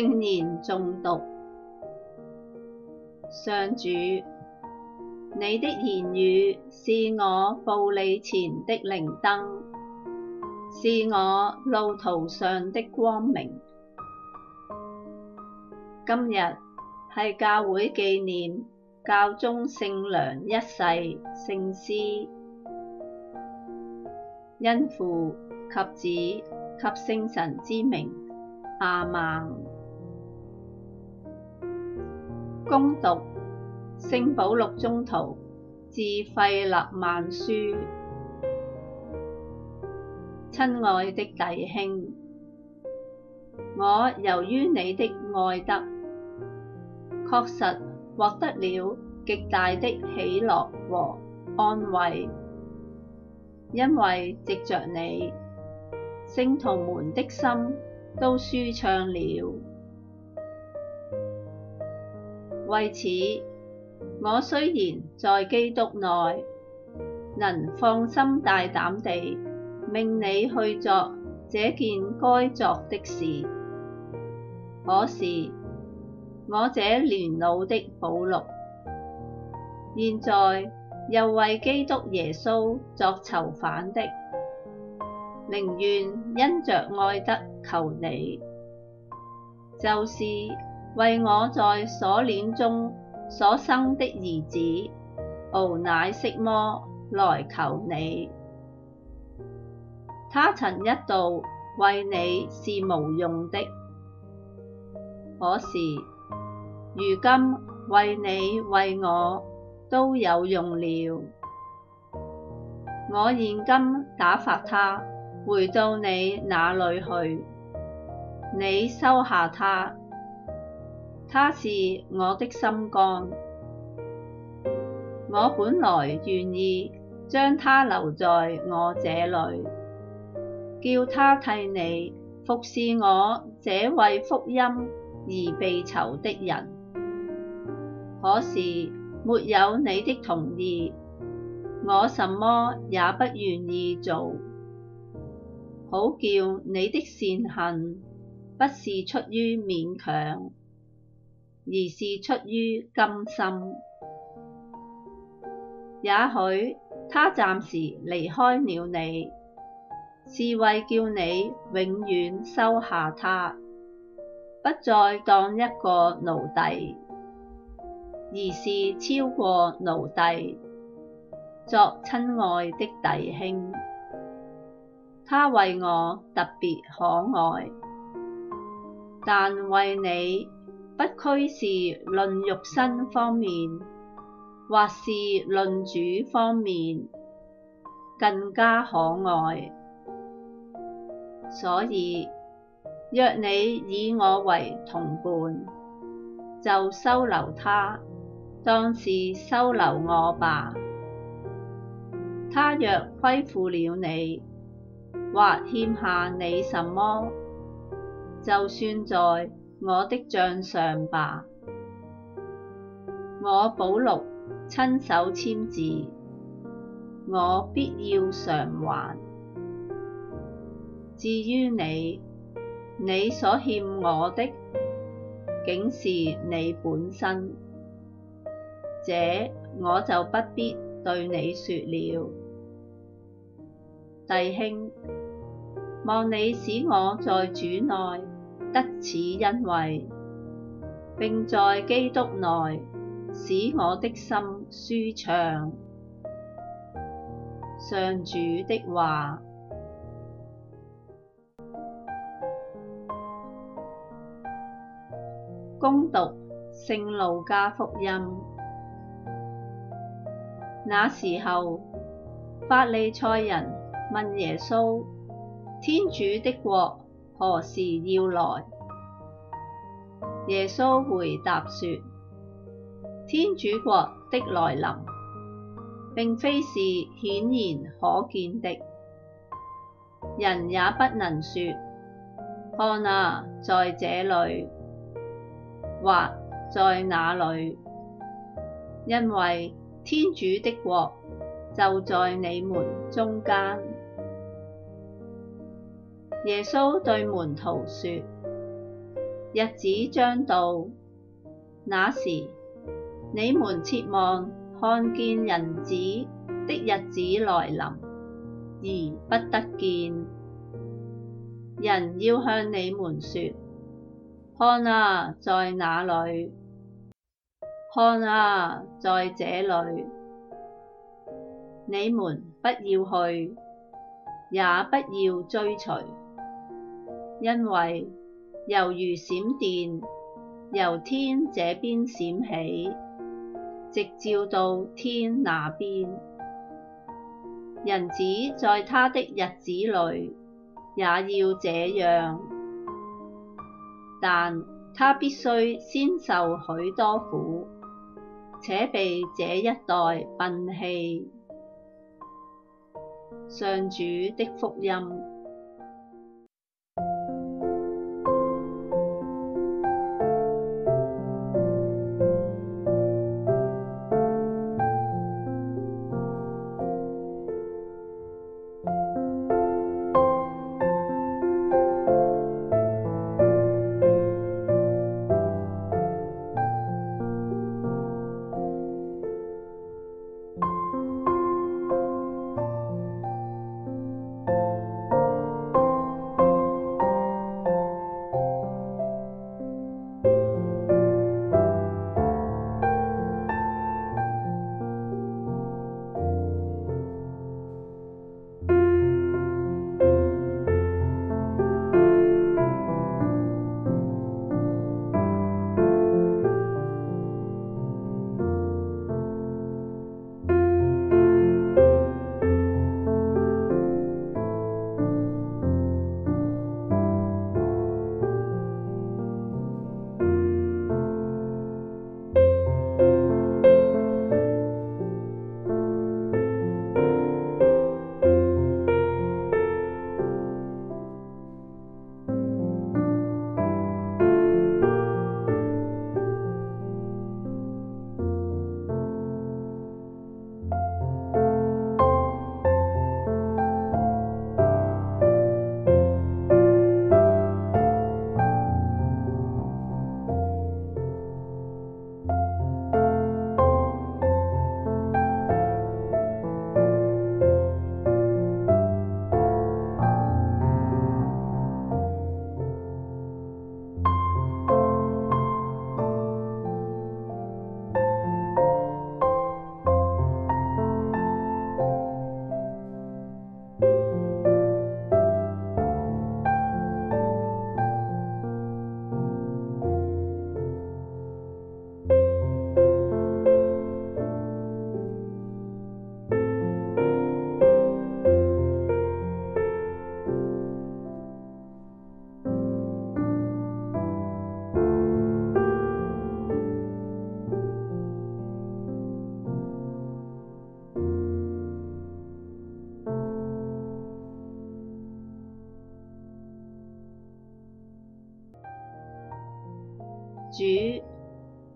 聖言誦讀，上主，你的言語是我步履前的靈燈，是我路途上的光明。今日係教會紀念教宗聖良一世聖師，因父及子及聖神之名，亞孟。恭讀聖保祿宗徒致費肋孟書。親愛的弟兄，我由於你的愛德，確實獲得了極大的喜樂和安慰，因為藉着你，聖徒們的心都舒暢了。為此，我雖然在基督內，能放心大膽地命你去作這件該作的事，可是我這年老的保祿，現在又為基督耶穌作囚犯的，寧願因着愛德求你，就是。為我在鎖鏈中所生的兒子敖乃息摩來求你，他曾一度為你是無用的，可是如今為你為我都有用了。我現今打發他回到你那裏去，你收下他。他是我的心肝，我本來願意將他留在我這裏，叫他替你服侍我這為福音而被囚的人。可是沒有你的同意，我什麼也不願意做，好叫你的善行，不是出於勉強。而是出於甘心，也許他暫時離開了你，是為叫你永遠收下他，不再當一個奴隸，而是超過奴隸，作親愛的弟兄。他為我特別可愛，但為你。不拘是論肉身方面，或是論主方面，更加可愛。所以，若你以我為同伴，就收留他，當是收留我吧。他若虧負了你，或欠下你什麼，就算在。我的賬上吧，我保祿親手簽字，我必要償還。至於你，你所欠我的，竟是你本身，這我就不必對你說了。弟兄，望你使我在主內，得此恩惠，並在基督內使我的心舒暢。上主的話，恭讀 《聖路加福音》。那時候，法利塞人問耶穌：天主的國何時要來？耶穌回答說：天主國的來臨，並非是顯然可見的，人也不能說：看啊，在這裏或在那裏，因為天主的國就在你們中間。耶穌對門徒說：日子將到，那時你們切望看見人子的日子來臨，而不得見。人要向你們說：看啊，在那裡！看啊，在這裏！你們不要去，也不要追隨。因為猶如閃電由天這邊閃起，直照到天那邊。人子在他的日子裏也要這樣，但他必須先受許多苦，且被這一代擯棄。上主的福音。